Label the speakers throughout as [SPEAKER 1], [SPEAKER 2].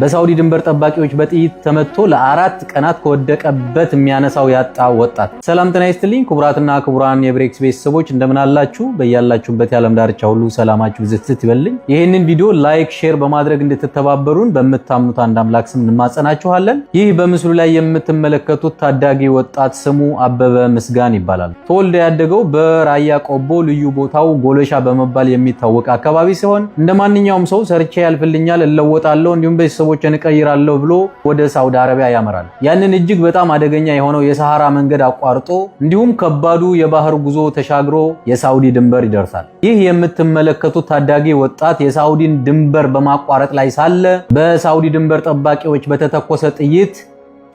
[SPEAKER 1] በሳውዲ ድንበር ጠባቂዎች በጥይት ተመቶ ለአራት ቀናት ከወደቀበት የሚያነሳው ያጣ ወጣት። ሰላም ጤና ይስጥልኝ ክቡራትና ክቡራን የብሬክስ ቤተሰቦች እንደምን አላችሁ? በያላችሁበት የዓለም ዳርቻ ሁሉ ሰላማችሁ ብዝትት ይበልኝ። ይህንን ቪዲዮ ላይክ፣ ሼር በማድረግ እንድትተባበሩን በምታምኑት አንድ አምላክ ስም እንማጸናችኋለን። ይህ በምስሉ ላይ የምትመለከቱት ታዳጊ ወጣት ስሙ አበበ ምስጋን ይባላል። ተወልደ ያደገው በራያ ቆቦ ልዩ ቦታው ጎለሻ በመባል የሚታወቅ አካባቢ ሲሆን እንደ ማንኛውም ሰው ሰርቼ ያልፍልኛል፣ እለወጣለሁ እንዲሁም ቤተሰቦ ሰዎችን እቀይራለሁ ብሎ ወደ ሳውዲ አረቢያ ያመራል። ያንን እጅግ በጣም አደገኛ የሆነው የሰሐራ መንገድ አቋርጦ እንዲሁም ከባዱ የባህር ጉዞ ተሻግሮ የሳውዲ ድንበር ይደርሳል። ይህ የምትመለከቱት ታዳጊ ወጣት የሳውዲን ድንበር በማቋረጥ ላይ ሳለ በሳውዲ ድንበር ጠባቂዎች በተተኮሰ ጥይት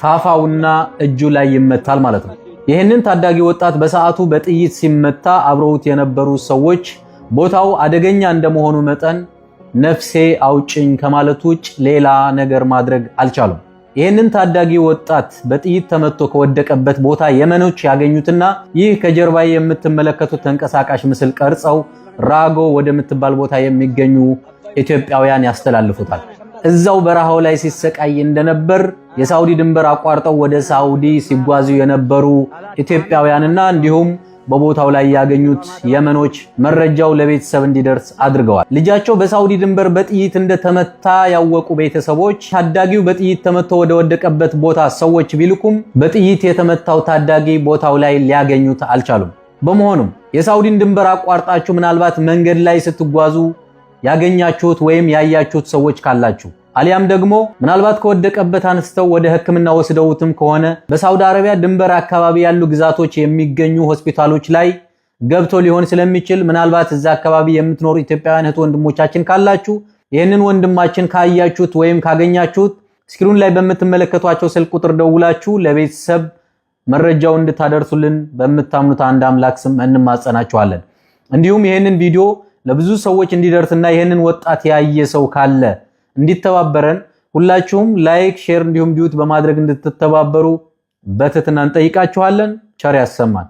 [SPEAKER 1] ታፋውና እጁ ላይ ይመታል ማለት ነው። ይህንን ታዳጊ ወጣት በሰዓቱ በጥይት ሲመታ አብረውት የነበሩ ሰዎች ቦታው አደገኛ እንደመሆኑ መጠን ነፍሴ አውጭኝ ከማለት ውጭ ሌላ ነገር ማድረግ አልቻሉም። ይህንን ታዳጊ ወጣት በጥይት ተመቶ ከወደቀበት ቦታ የመኖች ያገኙትና ይህ ከጀርባ የምትመለከቱት ተንቀሳቃሽ ምስል ቀርጸው ራጎ ወደምትባል ቦታ የሚገኙ ኢትዮጵያውያን ያስተላልፉታል። እዛው በረሃው ላይ ሲሰቃይ እንደነበር የሳውዲ ድንበር አቋርጠው ወደ ሳውዲ ሲጓዙ የነበሩ ኢትዮጵያውያንና እንዲሁም በቦታው ላይ ያገኙት የመኖች መረጃው ለቤተሰብ እንዲደርስ አድርገዋል። ልጃቸው በሳውዲ ድንበር በጥይት እንደተመታ ያወቁ ቤተሰቦች ታዳጊው በጥይት ተመቶ ወደ ወደቀበት ቦታ ሰዎች ቢልኩም በጥይት የተመታው ታዳጊ ቦታው ላይ ሊያገኙት አልቻሉም። በመሆኑም የሳውዲን ድንበር አቋርጣችሁ ምናልባት መንገድ ላይ ስትጓዙ ያገኛችሁት ወይም ያያችሁት ሰዎች ካላችሁ አሊያም ደግሞ ምናልባት ከወደቀበት አንስተው ወደ ሕክምና ወስደውትም ከሆነ በሳውዲ አረቢያ ድንበር አካባቢ ያሉ ግዛቶች የሚገኙ ሆስፒታሎች ላይ ገብቶ ሊሆን ስለሚችል ምናልባት እዛ አካባቢ የምትኖሩ ኢትዮጵያውያን እህት ወንድሞቻችን ካላችሁ ይህንን ወንድማችን ካያችሁት ወይም ካገኛችሁት ስክሪን ላይ በምትመለከቷቸው ስልክ ቁጥር ደውላችሁ ለቤተሰብ መረጃው እንድታደርሱልን በምታምኑት አንድ አምላክ ስም እንማጸናችኋለን። እንዲሁም ይህንን ቪዲዮ ለብዙ ሰዎች እንዲደርስና ይህንን ወጣት ያየ ሰው ካለ እንዲተባበረን ሁላችሁም ላይክ፣ ሼር እንዲሁም ዲዩት በማድረግ እንድትተባበሩ በትህትና እንጠይቃችኋለን። ቸር ያሰማን።